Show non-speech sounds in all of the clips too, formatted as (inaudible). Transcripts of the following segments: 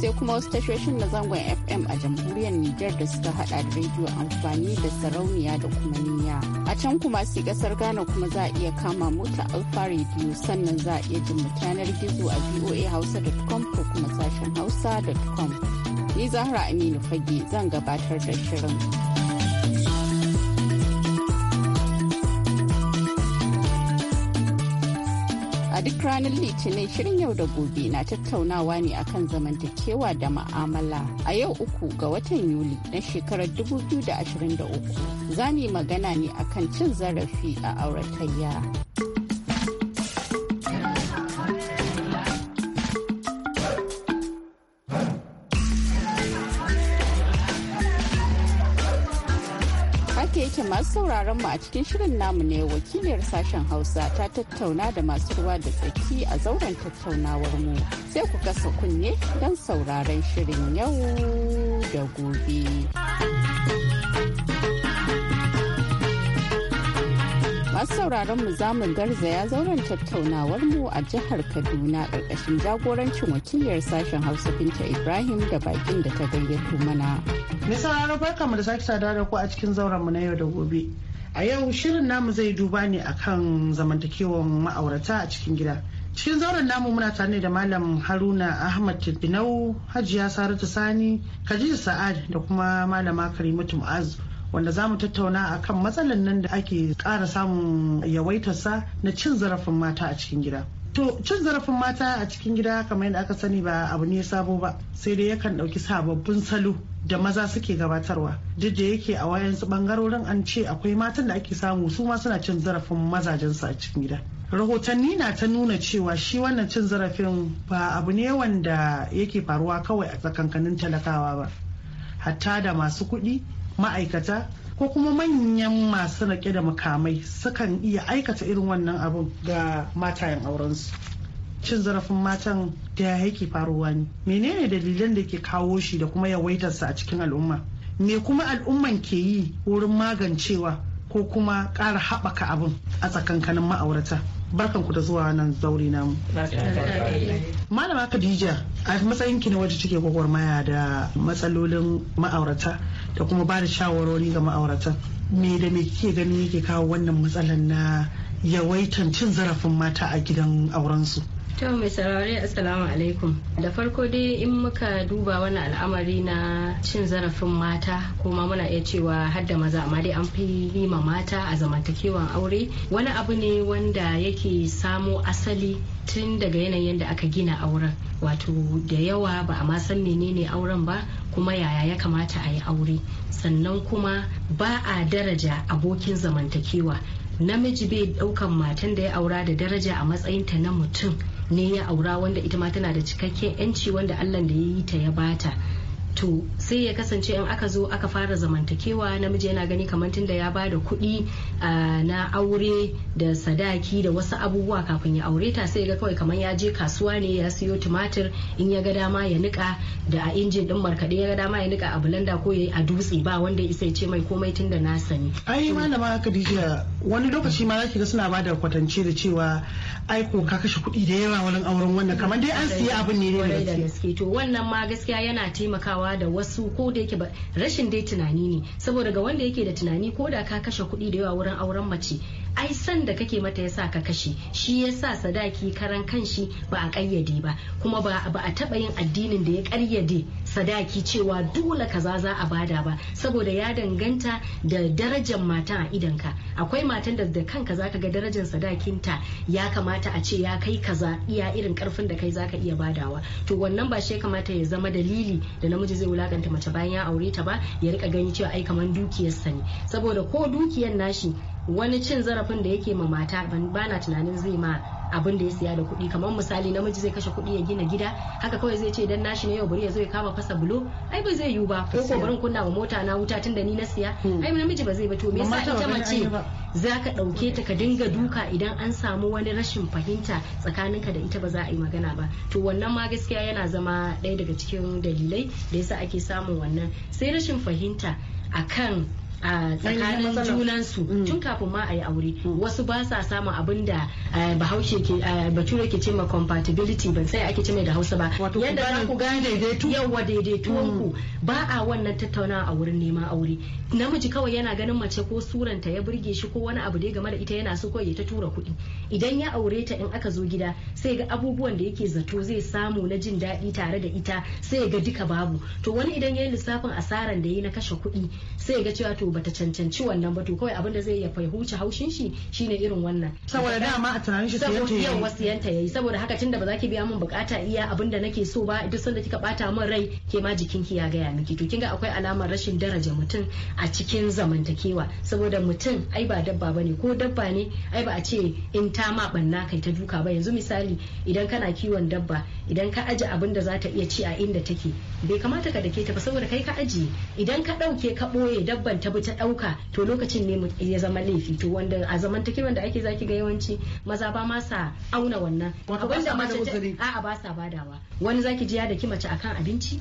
sai kuma wasu tashoshin na zangon FM a jamhuriyar niger da suka hada da rediyo amfani da sarauniya da kuma niya. A can kuma sai kasar Ghana kuma za a iya kama mota Alfa Radio sannan za a iya jin mutanar gizo a voa hausa.com ko kuma sashen hausa.com. Ni Zahra Aminu Fage zan gabatar da shirin. duk ranar litinin shirin yau da gobe na tattaunawa ne akan zamantakewa da ma'amala a yau uku ga watan yuli na shekarar 2023 za mu yi magana ne akan cin zarafi a auratayya masu sauraron mu a cikin shirin namu ne wakiliyar sashen Hausa ta tattauna da masu ruwa da tsaki a zauren tattaunawar mu. Sai ku kasa kunne don sauraron shirin yau da gobe. masu sauraron mu zamun garzaya zauren tattaunawar mu a jihar Kaduna ƙarƙashin jagorancin wakiliyar sashen Hausa Binta Ibrahim da bakin da ta gayyato mana. Mai sauraro barka mu da sake sada da ku a cikin zauren mu na yau da gobe. A yau shirin namu zai duba ne akan zamantakewar ma'aurata a cikin gida. cikin zauren namu muna tare da malam haruna ahmad tibinau hajiya saratu sani khadija sa'ad da kuma malama karimatu mu'azu wanda za mu tattauna a kan matsalan nan da ake ƙara samun yawaitarsa na cin zarafin mata a cikin gida. To cin zarafin mata a cikin gida kamar yadda aka sani ba abu ne sabo ba sai dai yakan ɗauki sababbin salo da maza suke gabatarwa duk da yake a wayan su bangarorin an ce akwai matan da ake samu su ma suna cin zarafin mazajensu a cikin gida. rahotanni na ta nuna cewa shi wannan cin zarafin ba abu ne wanda yake faruwa kawai a tsakankanin talakawa ba hatta da masu kuɗi ma'aikata ko kuma manyan masu rake da makamai sukan iya aikata irin wannan abun ga matayen aurensu cin zarafin matan da ya yake faruwa ne menene dalilan da ke kawo shi da kuma yawaitarsa a cikin al'umma me kuma al'umman ke yi wurin magancewa ko kuma ƙara haɓaka abin a tsakankanin ma'aurata barkan ku da zuwa nan zauri namu. Malama Khadija a matsayin ki na waje take gwagwarmaya da matsalolin ma'aurata da kuma ba da shawarori ga ma'auratan. Me da me kike gani yake kawo wannan matsalar na yawaitan cin zarafin mata a gidan auren su To mai saurari assalamu alaikum. Da farko dai in muka duba wani al'amari na cin zarafin mata kuma muna iya cewa hadda maza amma dai an fi yi ma mata a zamantakewan aure wani abu ne wanda yake samo asali tun daga yanayin da aka gina auren wato da yawa ba a ma san menene auren ba kuma yaya ya kamata a yi aure sannan kuma ba a daraja abokin zamantakewa namiji bai daukan matan da ya aura da daraja a matsayinta na mutum ne ya aura wanda ita ma tana da cikakken yanci wanda allah da ya yi ta ya bata to sai ya kasance in aka zo aka fara zamantakewa namiji yana gani kamar tunda ya bada kuɗi na aure da sadaki da wasu abubuwa kafin ya aure ta sai ga kawai kamar ya je kasuwa ne ya siyo tumatir in ya ga dama ya nika da a injin din markaɗe ya ga dama ya nika a bulanda ko ya yi a dutse ba wanda isa ya ce mai komai tunda na sani. ai malama kadija wani lokaci ma zaki ga suna ba da kwatance da cewa ai ko ka kashe kuɗi da yawa wurin auren wannan kamar dai an siya abin ne da gaske. to wannan ma gaskiya yana taimakawa da wasu su ko da yake rashin dai tunani ne saboda ga wanda yake da tunani ko da ka kashe kuɗi da yawa wurin auren mace ai san da kake mata yasa ka kashe shi yasa sadaki karan kanshi ba a kayyade ba kuma ba a taba yin addinin da ya karyade sadaki cewa dole kaza za a bada ba saboda ya danganta da darajar mata a ka akwai matan da da kanka zaka ga darajar ta ya kamata a ce ya kai kaza iya irin karfin da kai zaka iya badawa to wannan ba shi kamata ya zama dalili da namiji zai wulakanta mace bayan ya aure ta ba ya rika gani cewa ai kamar dukiyarsa ne saboda ko dukiyar nashi wani cin zarafin da yake ma mata bana tunanin zai ma abin da ya siya da kuɗi kamar misali namiji zai kashe kuɗi ya gina gida haka kawai zai ce dan nashi ne yau bari ya zo ya kama fasa bulo ai ba zai yiwu ba ko ko barin kunna wa mota na wuta tunda ni na siya hmm. ai namiji ba zai ba to me yasa ita mace za ka ɗauke ta ka dinga duka idan an samu wani rashin fahimta tsakanin ka da ita ba za a yi magana ba to wannan ma gaskiya yana zama ɗaya daga cikin dalilai da yasa ake samun wannan sai rashin fahimta akan a tsakanin junan su. Mm. tun kafin ma a yi aure mm. wasu ba sa samun abin da eh, bahaushe ke eh, bature ke ce ma compatibility ban sai ake ce mai da hausa ba yadda za ku gane daidaitu yawa daidaituwan ku mm. ba a wannan tattaunawa a wurin neman aure namiji kawai yana ganin mace ko suranta ya burge shi ko wani abu dai game da ita yana so kawai ya ta tura kuɗi idan ya aure ta in aka zo gida sai ga abubuwan da yake zato zai samu na jin daɗi tare da ita sai ga duka babu to wani idan ya yi lissafin asaran da ya yi na kashe kuɗi sai ga cewa to bata cancanci wannan ba to kawai abin da zai ya fahimci haushin shi shine irin wannan saboda dama a tunanin shi saboda yau wasu yanta yayi saboda haka tunda ba za ki biya min bukata iya abin da nake so ba duk sanda kika bata min rai ke ma jikin ki ya gaya miki to kinga akwai alamar rashin daraja mutum a cikin zamantakewa saboda mutum ai ba dabba bane ko dabba ne ai ba a ce in ta ma banna kai ta duka ba yanzu misali idan kana kiwon dabba idan ka aje abin da za ta iya ci a inda take bai kamata ka dake ta ba saboda kai ka ajiye idan ka dauke ka boye dabban ta ku ta ɗauka to lokacin ne ya zama laifi to wanda a take wanda ake zaki ga yawanci maza ba ma sa auna wannan wanda mace a'a ba sa badawa wani zaki ji ya daki mace akan abinci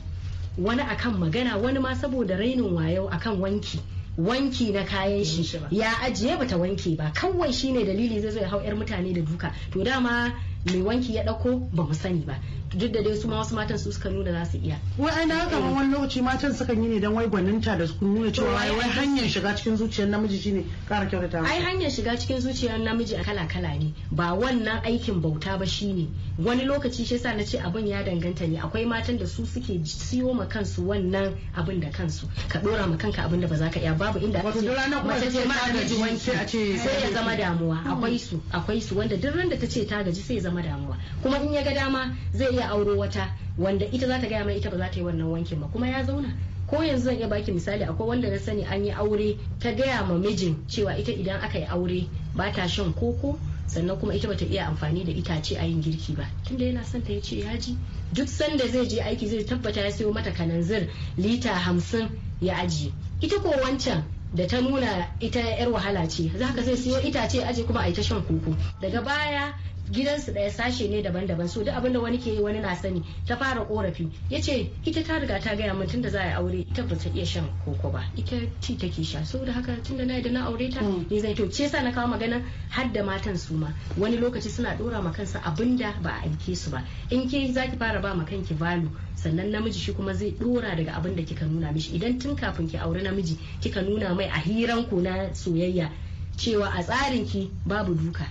wani akan magana wani ma saboda rainin wayo akan wanki wanki na kayan shi ya ajiye bata wanke ba kawai shine dalili zai zo ya hau yar mutane da duka to dama mai wanki ya ɗauko ba mu sani ba duk da dai su ma wasu matan su suka nuna za su iya wai ai na kamar wani lokaci matan sukan yi ne dan wai gwaninta da su nuna cewa wai hanyar shiga cikin zuciyar namiji shine kara kyautata ai hanyar shiga cikin zuciyar namiji a kala kala ne ba wannan aikin bauta ba shine wani lokaci shi yasa nace abin ya danganta ne akwai matan da su suke siyo ma kansu wannan abin da kansu ka dora ma kanka abin da ba za ka iya babu inda wato duk ranar kuma ce ma namiji wanki a ce sai ya zama damuwa akwai su akwai su wanda duk ran da ta ce ta gaji sai ya zama damuwa kuma in ya ga dama zai iya auro wata wanda ita za ta gaya mai ita ba za ta yi wannan wankin ba kuma ya zauna ko yanzu zan iya baki misali akwai wanda na sani an yi aure ta gaya ma mijin cewa ita idan aka yi aure ba ta shan koko sannan kuma ita bata iya amfani da itace a yin girki ba tunda yana son ta yace ya ji duk sanda zai je aiki zai tabbata ya sayo mata kananzir lita hamsin ya aji ita ko wancan da ta nuna ita yar wahala ce zaka zai siyo itace aje kuma a yi ta shan koko daga baya gidansu ɗaya sashe ne daban-daban so duk abinda wani ke yi wani na sani ta fara korafi yace ita ta riga ta gaya mutum tunda za a aure ita ba ta iya shan koko ba ita ti take sha saboda haka tunda na da na aure ta mm. ne zai to ce sa na kawo magana har da matan su ma wani lokaci suna dora ma kansa abinda ba a aike su ba in ke zaki fara ba ma kanki value sannan namiji shi kuma zai dora daga abin da kika nuna mishi idan tun kafin ki aure namiji kika nuna mai a hiran ku na soyayya cewa a tsarin ki babu duka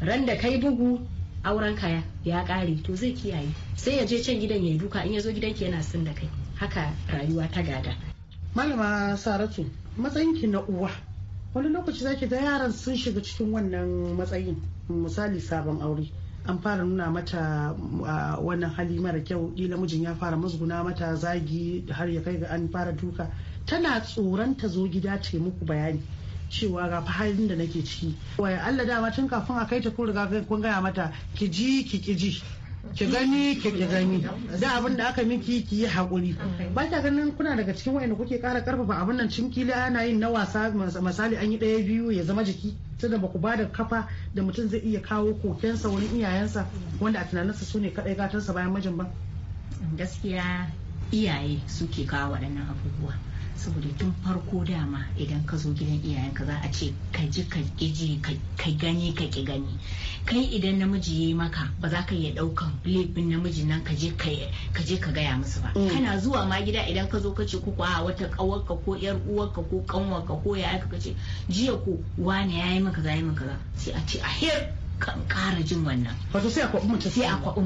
ran da kai bugu auren kaya ya kare to zai kiyaye sai ya je can gidan ya yi duka in ya zo gidanki yana sun da kai haka rayuwa ta gada malama saratu matsayin ki na uwa wani lokaci zaki ga yaran sun shiga cikin wannan matsayin misali sabon aure an fara nuna mata wannan hali mara kyau ila mijin ya fara musguna mata zagi har ya kai ga an fara duka tana tsoron ta zo gida ta muku bayani cewa ga halin da nake ciki wai Allah dama tun kafin a kai ta kun riga kun gaya mata ki ji ki ki ji ki gani ki ki gani da abin da aka miki ki yi hakuri ba ta ganin kuna daga cikin wayanda kuke kara karfafa abin nan cin kila yana yin na wasa misali an yi daya biyu ya zama jiki tunda ba ku ba da kafa da mutum zai iya kawo kokensa wani iyayensa wanda a tunaninsa su ne kadai sa bayan majin ba gaskiya iyaye suke kawo waɗannan abubuwa saboda tun farko dama idan ka zo gidan iyayenka za a ce ka ji ka ji ka gani ka ki gani kai idan namiji yayi maka ba za ka iya ɗaukan laifin namiji nan ka je ka gaya musu ba mm. kana zuwa ma gida idan ka zo ka ce ku a wata kawarka ko yar uwarka ko kanwarka ko ya ka ce jiya ko wane yayi maka zai maka sai a ce a her kan kara jin wannan wato sai a kwabi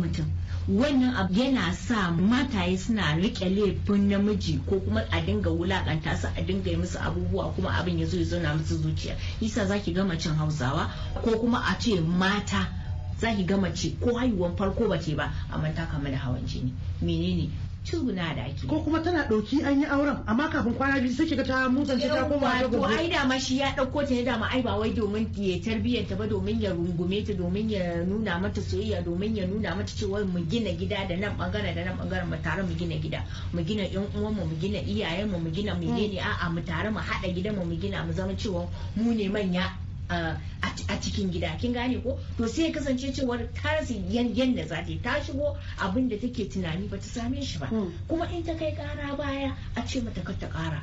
mutum wannan abu yana sa mataye suna rike laifin namiji ko kuma a dinga wulakanta su a dinga yi musu abubuwa kuma abin ya zo ya zauna musu zuciya yasa zaki gama cin hausawa ko kuma a ce mata zaki gama ci ko haihuwan farko ba ce ba amma ta kama da hawan jini menene cuguna da ake ko kuma tana ɗauki an yi auren amma kafin kwana biyu sai kiga ta mutsance ta koma ta gobe ai ma shi ya ɗauko ta ne dama ai ba wai domin ya tarbiyyar ta ba domin ya rungume ta domin ya nuna mata soyayya domin ya nuna mata cewa mu gina gida da nan bangare da nan bangaren mu tare mu gina gida mu gina yan uwan mu mu gina iyayen mu mu gina mu a'a mu tare mu haɗa gidan mu mu gina mu zama cewa mu ne manya a cikin gida kin gane ko to sai kasance cewar tasi yanda za ta ta shigo abin da take tunani ba ta same shi ba hmm. kuma in ta kai kara baya a ce mata ka ta kara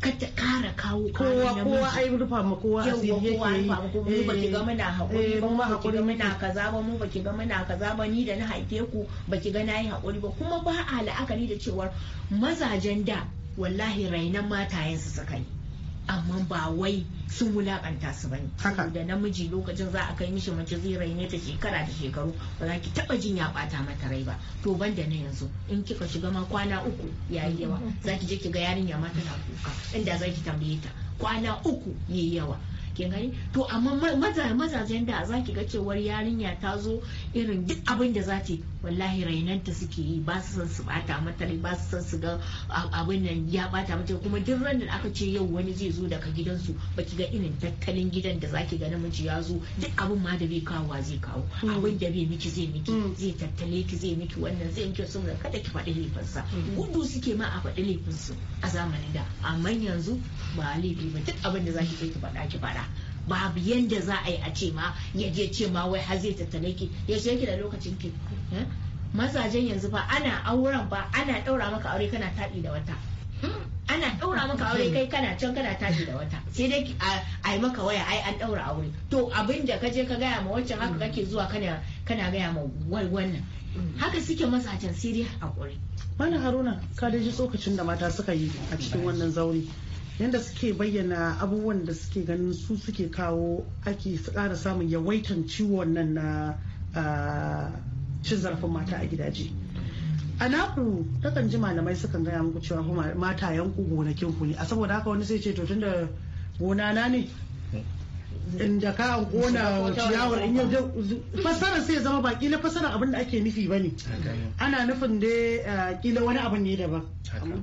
ka ta kara kawo kowa kowa ai rufa ma kowa asiri yake kowa rufa ma kowa mu ga muna eh, hakuri ba eh, mu ga muna kaza ba mu baki ga muna kaza ba ni da na haife ku baki ga nayi hakuri ba kuma ba a la'akari da cewar mazajen da wallahi rainan matayen su suka yi amma ba wai sun wulaƙanta su bane saboda namiji lokacin za a kai mishi mace zai raine ta shekara da shekaru ba za ki taba jin ya bata mata rai ba to ban da na yanzu in kika shiga ma kwana uku yayi yawa za ki je ki ga yarinya ma tana kuka inda za ki tambaye ta kwana uku yayi yawa kin gani to amma mazajen da za ki ga cewar yarinya ta zo irin duk abin da za ta yi. wallahi rainanta suke yi ba su san su bata mata ba su san su ga abin nan ya bata mata kuma duk ran da aka ce yau wani zai zo daga gidansu baki ga irin tattalin gidan da zaki ga namiji ya zo duk abin ma da bai kawo zai kawo mm. abin da bai miki zai miki mm. zai tattale ki zai miki wannan zai miki sun kada ki faɗi laifinsa mm. gudu suke ma a faɗi laifinsu a zamanin da amma yanzu ba laifi ba duk abin da zaki je ki faɗa ki faɗa babu yanda za a yi a ce ma ya je ce ma wai har zai tattale ki ya ce yake da lokacin ki mazajen yanzu ba ana auren ba ana daura maka aure kana taɗi da wata ana daura maka aure (laughs) kai kana can kana tashi da wata sai dai a yi maka waya ai an daura aure to abin da ka je ka gaya ma waccan haka kake zuwa kana kana gaya ma wannan haka suke mazajen sai dai hakuri mana haruna ka da ji tsokacin da mata suka yi a cikin wannan zaure yadda suke bayyana abubuwan da suke ganin su suke kawo ake ƙara samun yawaitan ciwon nan na cin zarafin mata a gidaje a naku takan ji malamai sukan gaya muku cewa mata yanku gonakin ku ne a saboda haka wani sai ce to tunda gona na ne inda ka gona ciyawar in yau fassara sai zama ba kila fassara abin da ake nufi ba ne. ana nufin da eh, kila wani abu ne daban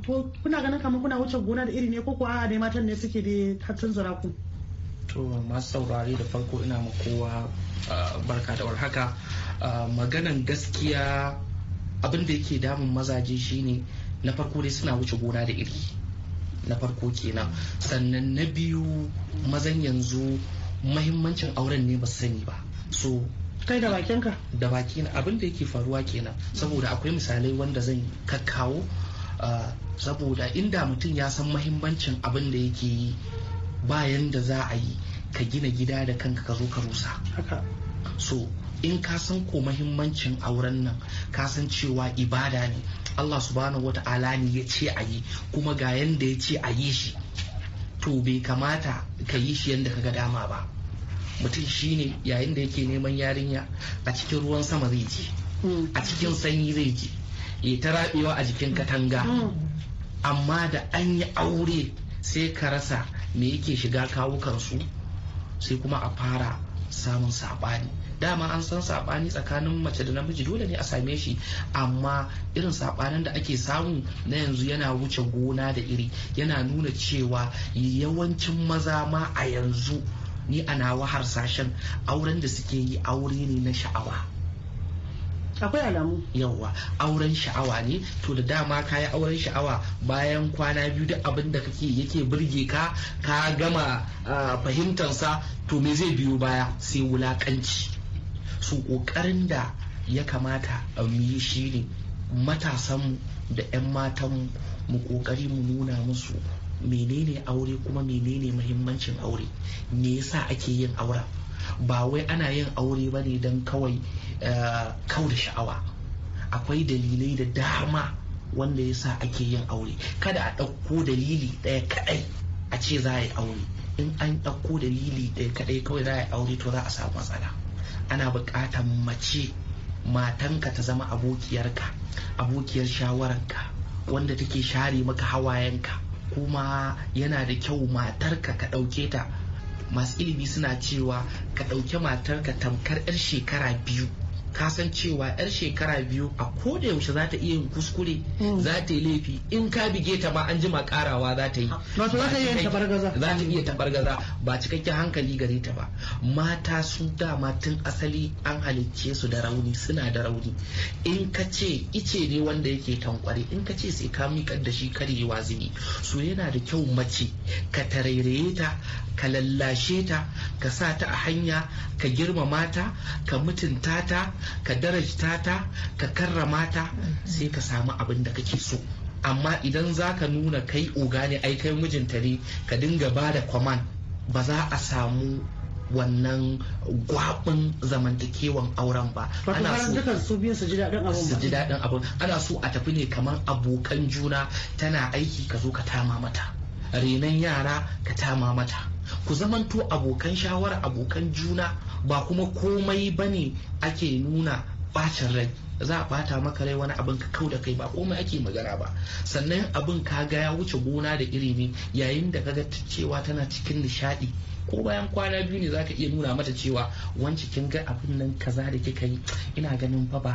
to kuna ganin kamar kuna wuce gona da iri ne ko ko a'a dai matan ne suke da hatsin ku. to masu saurare da farko ina ma kowa ah, barka da warhaka ah, maganan gaskiya abin da yake damun mazaje shine na farko dai suna wuce gona da iri na farko kenan sannan na biyu mazan yanzu mahimmancin auren ne ba su sani ba so kai da bakinka da bakina abin da yake faruwa kenan saboda akwai misalai wanda zan kakkawo ah, saboda inda mutum ya san mahimmancin abin da yake yi bayan da za a yi ka gina gida da kanka ka zo ka rusa so in ka san ko mahimmancin auren nan ka san cewa ibada ne Allah subhanahu wata'ala ne ya ce a yi kuma ga yanda ya ce a yi shi to bai kamata ka yi shi yadda ga dama ba mutum shi ne yayin da yake neman yarinya a cikin ruwan sama zai je hmm. a cikin sanyi zai je ya ta rabewa a jikin katanga hmm. amma da an yi aure sai ka rasa me yake shiga kawukansu sai kuma a fara samun sabani dama an san saɓani tsakanin mace da namiji dole ne a same shi amma irin sabanin da ake samu na yanzu yana wuce gona da iri yana nuna cewa yawancin maza ma a yanzu ni a nawa harsashen auren da suke yi aure ne na sha'awa akwai alamu yawa auren sha'awa ne to da dama ka yi auren sha'awa bayan kwana biyu duk abin da kake yake birge ka ka gama ah, fahimtansa to me zai biyo baya sai wulakanci su ƙoƙarin da ya kamata a yi shi ne matasanmu da 'yan matanmu mu ƙoƙari mu nuna musu menene aure kuma menene mahimmancin aure me yasa ake yin auren ba wai ana yin aure ba ne don kawai eh, kau da sha'awa akwai dalilai da dama wanda yasa ake yin aure kada a ɗauko dalili ɗaya kaɗai a ce za a yi aure in an ɗauko dalili ɗaya kaɗai kawai za a yi aure to za a samu matsala ana buƙatar mace matanka ta zama abokiyarka abokiyar shawararka wanda take share maka hawayenka kuma yana da kyau matarka ka ɗauke ta masu ilimi suna cewa ka ɗauke matarka tamkar 'yar shekara biyu kasan cewa yar shekara biyu a koda yaushe za ta iya kuskure hmm. za ta yi laifi in ka bige ta ma an jima karawa za ta yi za ta iya tabargaza gaza ba cikakken hankali gare ta ba mata sun dama tun asali an halicce su da rauni suna da rauni in ka ce ice ne wanda yake tankware in ka ce sai ka miƙar da shi karyewa zini so yana da kyau mace ka tarairaye ta ka lallashe ta ka sa ta a hanya ka girmama ta ka mutunta ta ka darajta ta ka karrama ta sai ka samu abin da kake so amma idan za ka nuna kai oga ne ai kai mijinta ne ka dinga ba da kwaman ba za a samu wannan gwabin zamantakewan auren ba ana so su ji daɗin abin ana so a tafi ne kamar abokan juna tana aiki ka zo ka tama mata renon yara ka tama mata ku zamanto abokan shawara abokan juna ba kuma komai bane ake nuna bacin rai za a bata maka rai wani abin ka kau da kai ba komai ake magana ba sannan abin ka ga ya wuce gona da iri ne yayin da kaga cewa tana cikin nishadi ko bayan kwana biyu ne zaka iya nuna mata cewa wancan kin ga abin nan kaza da kika yi ina ganin fa ba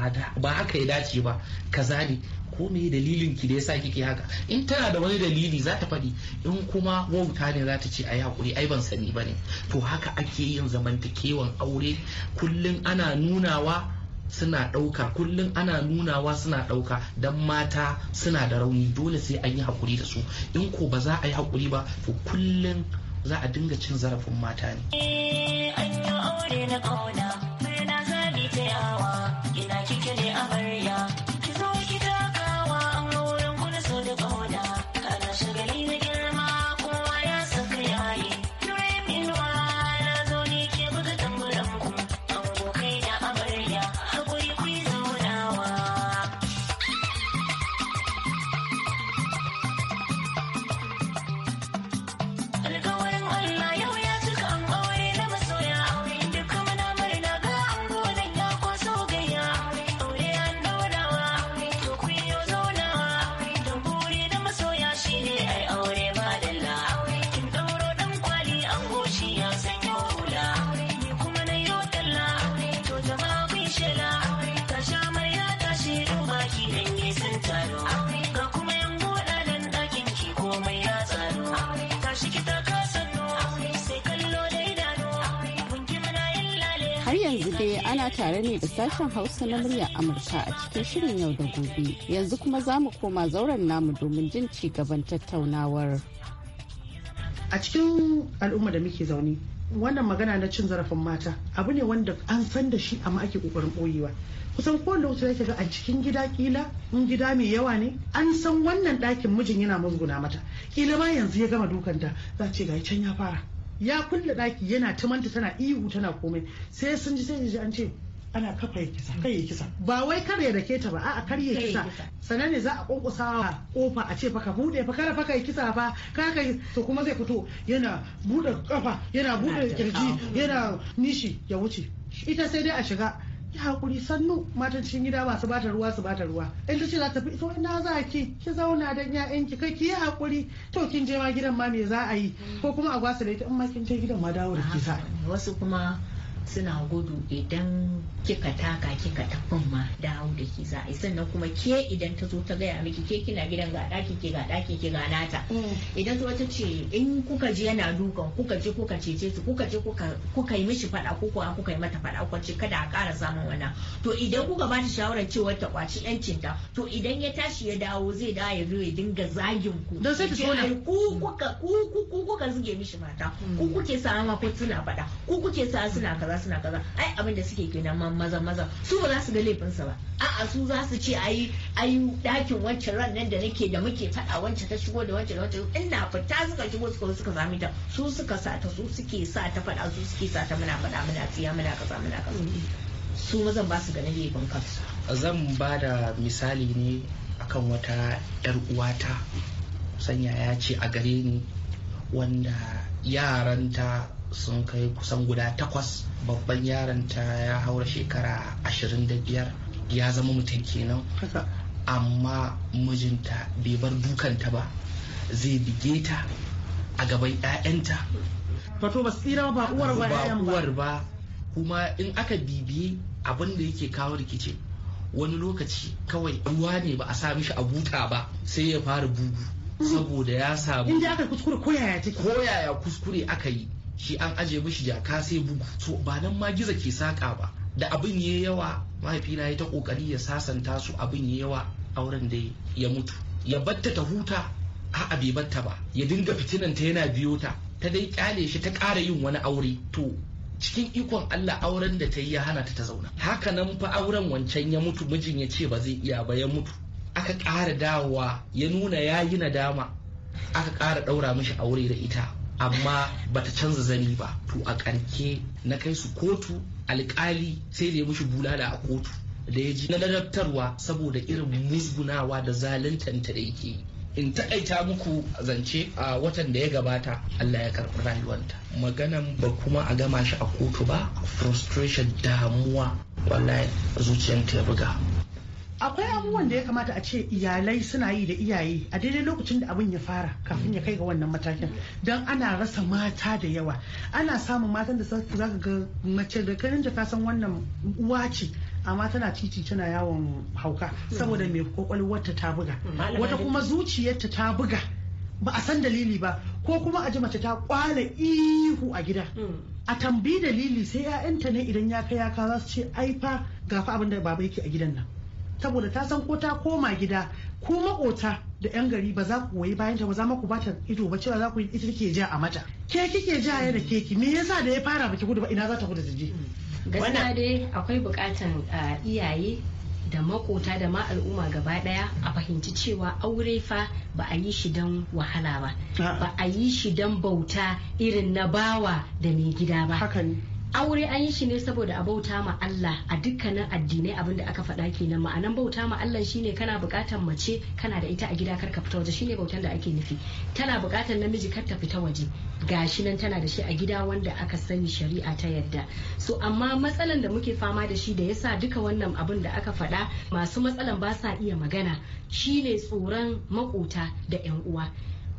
haka ya dace ba kaza ne ko me dalilin ki da yasa kike haka in tana da wani dalili za ta faɗi in kuma wauta ne za ta ce yi hakuri ai ban sani ba ne to haka ake yin zamantakewan aure kullun ana nunawa suna ɗauka kullum ana nunawa suna ɗauka don mata suna da rauni dole sai an yi hakuri da su in ko ba za a yi hakuri ba to kullum za a dinga cin zarafin mata ne. har yanzu dai ana tare ne da sashen hausa na muryar amurka a cikin shirin yau da gobe yanzu kuma za mu koma zauren namu domin jin ci gaban tattaunawar a cikin al'umma da muke zaune wannan magana na cin zarafin mata abu ne wanda an san da shi amma ake kokarin boyewa kusan kowane lokaci da ga a cikin gida kila in gida mai yawa ne an san wannan ɗakin mijin yana musguna mata kila ma yanzu ya gama dukanta za ce ga can ya fara ya kulle daki yana ta manta tana ihu tana komai sai sun ji sai ji an ce ana kafa ya kisa kai ya kisa ba wai kar ya dake ta ba a'a kar ya kisa sannan ne za a kokusa kofa a ce fa ka bude fa kar fa kai kisa fa ka kai to kuma zai fito yana bude kafa yana bude kirji yana nishi ya wuce ita sai dai a shiga ki hakuri sannu matan cikin gida masu bata ruwa su bata ruwa in ta ce za ta fi so ina za ki ki zauna dan ƴaƴan ki kai ki yi hakuri to kin je ma gidan ma me za a yi mm. ko kuma a gwasa da ita in ma kin je gidan ma dawo da ki sa wasu kuma suna gudu idan kika taka kika tafin ma dawo da ki za a sannan kuma ke idan ta zo ta gaya miki ke kina gidan ga daki ke ga daki ke ga nata mm. idan ta ce in kuka ji yana dukan kuka ji kuka cece su kuka ji kuka yi mishi fada ko kuka yi mata fada kuka ce kada a kara samun wannan to idan kuka ba ta shawarar cewa ta kwaci yancin ta to idan ya tashi ya dawo zai da ya zo ya dinga zagin ku don sai ta so ku kuka ku kuka zuge mishi mata ku mm. kuke sa ma ko suna fada ku kuke sa suna kaza suna kaza ai abin da suke kenan man maza maza su ba za su ga laifinsa ba a'a su za su ce ai ai dakin wancan ran nan da nake da muke faɗa wancan ta shigo da wancan da wancan ina fita suka shigo suka suka sami ta su suka sa ta su suke sa ta faɗa su suke sa ta muna faɗa muna tsiya muna kaza muna kaza mm-hmm. su mazan ba su ganin laifin kansu zan ba da misali ne akan wata yar uwata sanya ya ce a gare ni wanda yaranta sun kai kusan guda takwas babban yaron ta ya haura shekara ashirin da ya zama mutum kenan amma mijinta bai bar dukanta ba zai bige ta a gaban 'ya'yanta Fato ba tsira ba uwar ba uwar ba kuma in aka bibiye abin da yake kawo rikici wani lokaci kawai ruwa ne ba a sa mishi a buta ba sai ya fara bugu mm-hmm. saboda ya samu inda aka kuskure koyaya take koyaya kuskure aka yi shi an aje mishi jaka sai bugu to ba nan ma giza ke saka ba da abin ya yawa mahaifina ya ta kokari ya sasanta su abin ya yawa auren da ya mutu ya batta ta huta a bai batta ba ya dinga fitinan ta yana biyo ta ta dai kyale shi ta kara yin wani aure to cikin ikon Allah auren da ta yi ya hana ta ta zauna haka nan fa auren wancan ya mutu mijin ya ce ba zai iya ba ya mutu aka ƙara dawowa ya nuna ya yi nadama aka ƙara ɗaura mishi aure da ita amma bata canza zani ba to a karke na kai su kotu alƙali sai da ya mushi bulala a kotu da ya ji na ladabtarwa saboda irin musgunawa da zaluntanta da yake yi in taƙaita muku zance a watan da ya gabata Allah ya karɓi rayuwanta maganan ba kuma a gama shi a kotu ba frustration damuwa wallahi zuciyanta ya buga akwai abubuwan da ya kamata a ce iyalai suna yi da iyaye a daidai lokacin da abin ya fara kafin ya kai ga wannan matakin don ana rasa mata da yawa ana samun matan da za ka ga mace da ganin da san wannan uwa ce amma tana titi tana yawon hauka saboda mai kwakwalwarta ta buga wata kuma zuciyarta ta buga ba a san dalili ba ko kuma a ji mace ta kwala ihu a gida hmm. a tambi dalili sai 'ya'yanta ne idan ya kai ya ka za su ce ai fa gafa abin da baba yake a gidan nan saboda ta san ko ta koma gida ko makota da yan gari ba za ku waye bayan ta ba za ku bata ido ba cewa za ku yi ita ke ja a mata ke kike ja ya da keki me yasa da ya fara baki gudu ba ina za ta gudu ta je hmm. gaskiya dai akwai bukatan iyaye da makota da ma al'umma gaba daya a fahimci cewa aure fa ba a yi shi don wahala ba ba a yi shi don bauta irin na bawa da mai gida ba aure an yi shi ne saboda a bauta ma Allah a dukkanin addinai abin da aka faɗa kenan ma'anan bauta ma Allah shine kana buƙatar mace kana da ita a gida kar ka fita waje shine bautan da ake nufi tana buƙatar namiji kar ta fita waje gashi nan tana da shi a gida wanda aka sani shari'a ta yadda so amma matsalan da muke fama da shi da yasa duka wannan abin da aka faɗa masu matsalan ba sa iya magana shine tsoron makota da 'yan uwa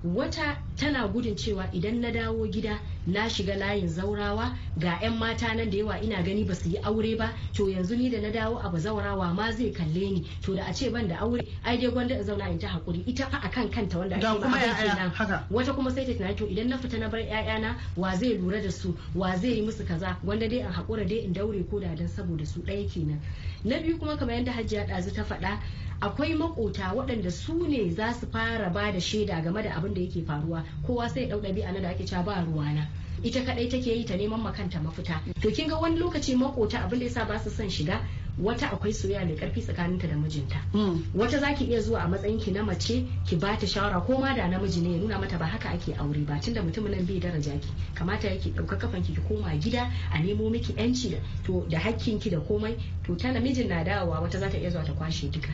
wata tana gudun cewa idan na dawo gida na shiga layin zaurawa ga 'yan mata nan da yawa ina gani ba su yi aure ba to yanzu ni da na dawo a zaurawa ma zai kalle ni to da a ce ban da aure ai dai gwanda in zauna in ta hakuri ita fa akan kanta wanda ake kuma nan wata kuma sai ta tunani to idan na fita na bar na wa zai lura da su wa zai yi musu kaza gwanda dai in hakura dai in daure ko da dan saboda su ɗaya kenan na biyu kuma kamar yadda hajiya d'azu ta faɗa akwai makota waɗanda su ne za su fara ba da shaida game da abin da yake faruwa kowa sai ɗau ɗabi'a na da ake cewa ba ruwana ita kadai take yi ta neman makanta mafita to kin ga wani lokaci makota abin da yasa ba su son shiga wata akwai soyayya mai karfi tsakaninta da mijinta hmm. wata zaki iya zuwa a matsayin ki na mace ki ba ta shawara ko ma da namiji ne ya nuna mata ba haka ake aure ba tunda mutumin nan bai daraja ki kamata yake dauka kafan ki ki koma gida a nemo miki yanci da to da hakkin ki da komai to ta namijin na dawowa wata zata iya zuwa ta kwashe duka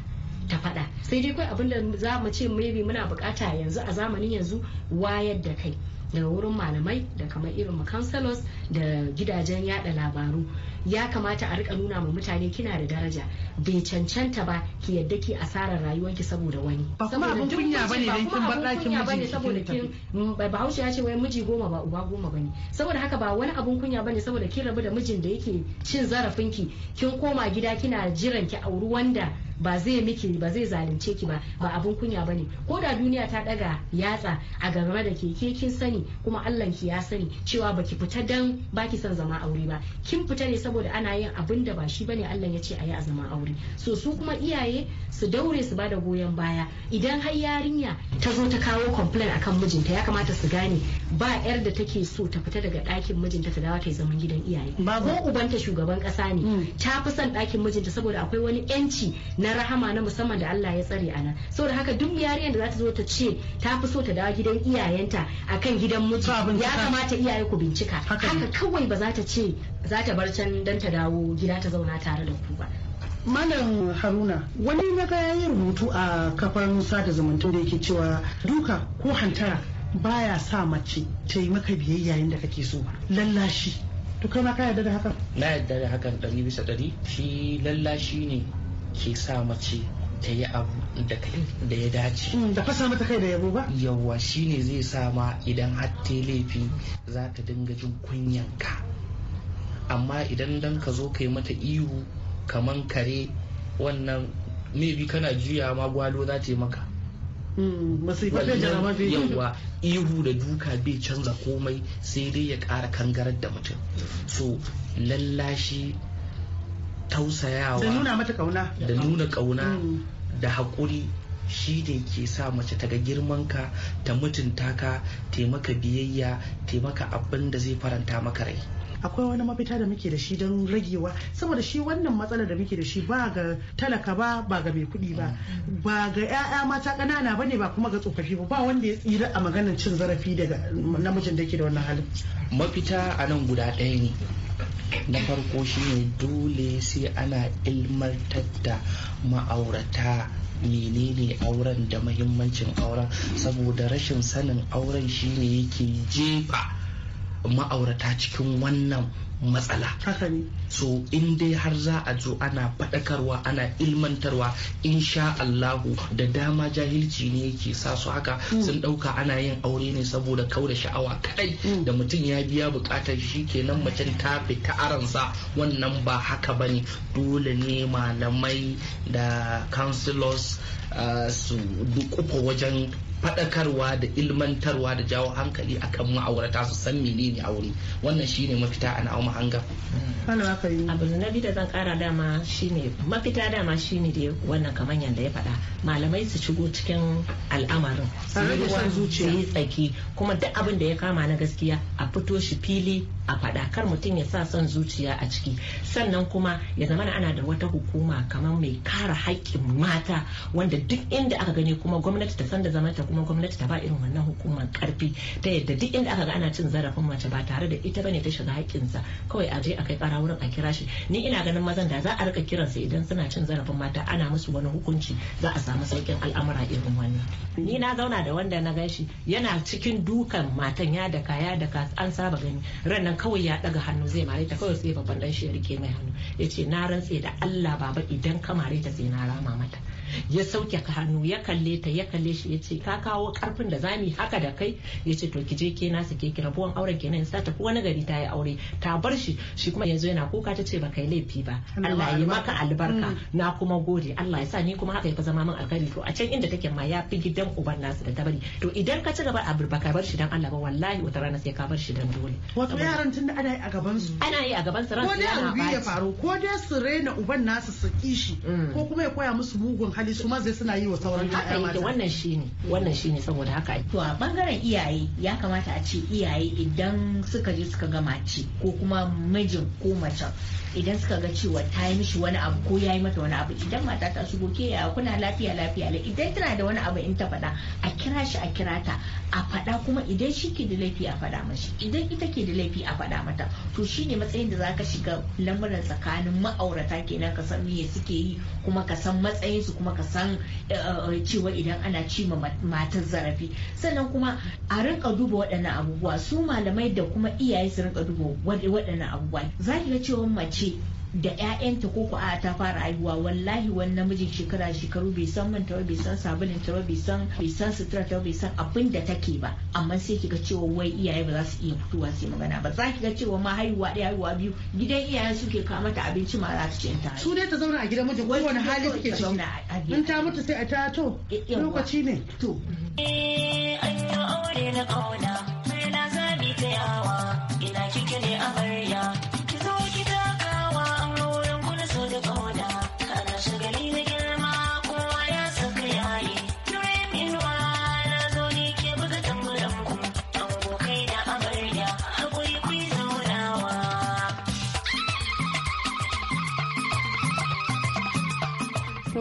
ta faɗa sai dai kawai abin da za mu ce maybe muna bukata yanzu a zamanin yanzu wayar da kai daga wurin malamai da kamar irin kansalos da gidajen yaɗa labaru ya kamata a rika nuna ma mutane kina da daraja bai cancanta ba ki yadda ki asarar rayuwarki saboda wani ba kuma abin kunya bane kin bar dakin miji saboda Bahaushe ya ce wai miji goma ba uba goma bane saboda haka ba wani abun kunya bane saboda kin rabu da mijin da yake cin zarafinki kin koma gida kina jiran ki auri wanda ba zai miki ba zai zalunce ki ba ba abun kunya bane ko da duniya ta daga yatsa a gaba da ke ke kin sani kuma Allah ki ya sani cewa baki fita dan baki son zama aure ba kin fita ne saboda saboda ana yin abin da ba shi bane Allah ya ce a yi a zaman aure so su kuma iyaye su daure su bada goyon baya idan har yarinya ta zo ta kawo complain akan mijinta ya kamata su gane ba yar da take so ta fita daga dakin mijinta ta dawo ta zaman gidan iyaye ko ubanta shugaban ƙasa ne mm. ta fi son ɗakin mijinta saboda akwai wani yanci na rahama na musamman da Allah ya tsare a nan saboda haka duk yariyar da za ta zo ta ce ta fi so ta dawo gidan iyayenta akan gidan miji ya kamata iyaye ku bincika haka kawai ba za ta ce za ta bar can dan ta dawo gida ta zauna tare da ku ba Malam Haruna wani na ga yin rubutu a kafar sada zumunta da yake cewa duka ko hantara baya sa mace ta yi maka biyayya yayin da kake so ba lallashi to kai ma ka yarda da hakan na yarda da hakan ɗari bisa ɗari shi lallashi ne ke sa mace ta yi abu da kai da ya dace hmm, da fasa mata kai da yabo ba yawa shine zai sa ma idan har ta laifi za ta dinga jin kunyan ka amma idan dan ka zo kai mata ihu kaman kare wannan maybe kana juya ma gwalo za ta yi maka masifafe hmm, ihu da duka bai canza komai sai dai ya kara kangarar da mutum so lallashi tausayawa da nuna mata kauna da hmm. da haƙuri shi ne ke sa mace ta ga girman ka ta mutunta ka taimaka biyayya taimaka abin da zai faranta maka rai akwai wani mafita da muke da shi don ragewa saboda shi wannan matsalar da muke da shi ba ga talaka ba ba ga mai kuɗi ba mm-hmm. ba ga 'ya'ya mata ƙanana ba ne ba kuma ga tsofaffi ba ba wanda ya tsira a maganar cin zarafi daga namijin da ke da wannan halin mafita a nan guda ɗaya ne na farko shine dole sai ana ilmantar da ma'aurata menene auren da mahimmancin auren saboda rashin sanin auren shine yake jefa ma'aurata cikin wannan matsala. Haka So in dai har za a zo ana faɗakarwa ana ilmantarwa insha Allahu da dama jahilci ne yake sa su haka mm. sun ɗauka ana yin aure ne saboda kau da sha'awa kadai mm. da mutum ya biya buƙatar shi kenan macen ta fita aransa wannan ba haka bane dole ne malamai da counselors Eh, su dukufa wajen faɗakarwa da ilmantarwa da jawo hankali a kan ma'aurata su san menene aure wannan shine mafita a na'au mahanga abu na biyu da zan kara dama shine mafita dama shine da wannan kamar yadda ya faɗa malamai su shigo cikin al'amarin su yi tsaki kuma duk abin da ya kama na gaskiya a fito shi fili a faɗa kar mutum ya sa son zuciya a ciki sannan kuma ya zamana ana da wata hukuma kamar mai kara haƙƙin mata wanda duk inda aka gani kuma gwamnati ta san da zamanta kuma gwamnati ta ba irin wannan hukumar karfi ta yadda duk inda aka ga ana cin zarafin mace ba tare da ita bane ta shiga haƙƙinsa kawai a je a kai ƙara wurin a kira shi ni ina ganin mazan da za a rika kiransa idan suna cin zarafin mata ana musu wani hukunci za a samu sauƙin al'amura irin wannan ni na zauna da wanda na shi yana cikin dukan matan ya daka ya daka an saba gani ran nan kawai ya daga hannu zai mare ta kawai sai babban dan shi ya rike mai hannu ya ce na rantse da Allah baba idan ka mare ta sai na rama mata ya sauke hannu ya kalle ta ya kalle shi ya ce ka kawo karfin da zamu haka da kai ya ce to ki je ke nasa ki kira buwan auren kenan sa tafi wani gari ta yi aure ta bar shi shi kuma yanzu yana kuka ta ce baka yi laifi ba Allah ya maka albarka mm. na kuma gode Allah ya sa ni kuma haka ya fi zama min alkhairi to a can inda take ma ya fi gidan uban nasu da tabari to idan ka ci gaba a baka bar shi dan Allah ba wallahi wata rana sai ka bar shi dan dole wato yaran da ana yi a gaban su ana yi a gaban su ran ko dai abu ya faru ko dai su rena uban nasu su kishi mm. ko kuma ya koya musu mugun hali su ma zai suna yi wa sauran ƴaƴa mata wannan shi ne, wannan shi ne saboda haka to a bangaren iyaye ya kamata a ce iyaye idan suka je suka ga mace ko kuma mijin ko macen. idan suka ga cewa ta yi mishi wani abu ko ya yi mata wani abu idan mata ta shigo ke ya kuna lafiya lafiya la idan tana da wani abu in ta faɗa a kira shi a kira ta a faɗa kuma idan shi ke da laifi a faɗa mashi idan ita ke da laifi a faɗa mata to shi ne matsayin da zaka shiga lamuran tsakanin ma'aurata kenan ka san me suke yi kuma ka san matsayin su kuma ka san eh, eh, cewa idan ana ci ma matar zarafi sannan kuma a rinka duba waɗannan abubuwa su malamai da kuma iyaye su rinka duba waɗannan abubuwa zaki ga cewa mace mace da 'ya'yanta ko ku a ta fara rayuwa wallahi wani namijin shekara shekaru bai san manta ta bai san sabulin ta bai san bai san sutura ta bai san abin da take ba amma sai kiga cewa wai iyaye ba za su iya fitowa sai magana ba za ki ga cewa ma haihuwa ɗaya haihuwa biyu gidan su suke kama ta abinci ma za su ci ta su dai ta zauna a gidan mijin kowane hali suke ciki in ta mutu sai a ta to lokaci ne to eh an yi aure na kauna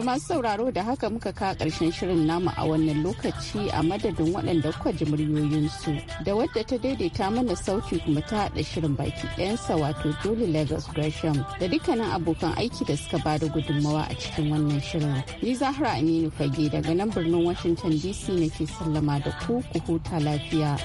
masu sauraro da haka muka ka karshen shirin namu a wannan lokaci a madadin waɗanda kuka ji muryoyinsu da wadda ta daidaita mana sauti kuma ta haɗa shirin baki ɗayansa wato Julie Lagos Gresham da dukkanin abokan aiki da suka ba da gudunmawa a cikin wannan shirin. Ni Zahra Aminu Fage daga nan birnin Washington DC nake sallama da ku ku huta lafiya.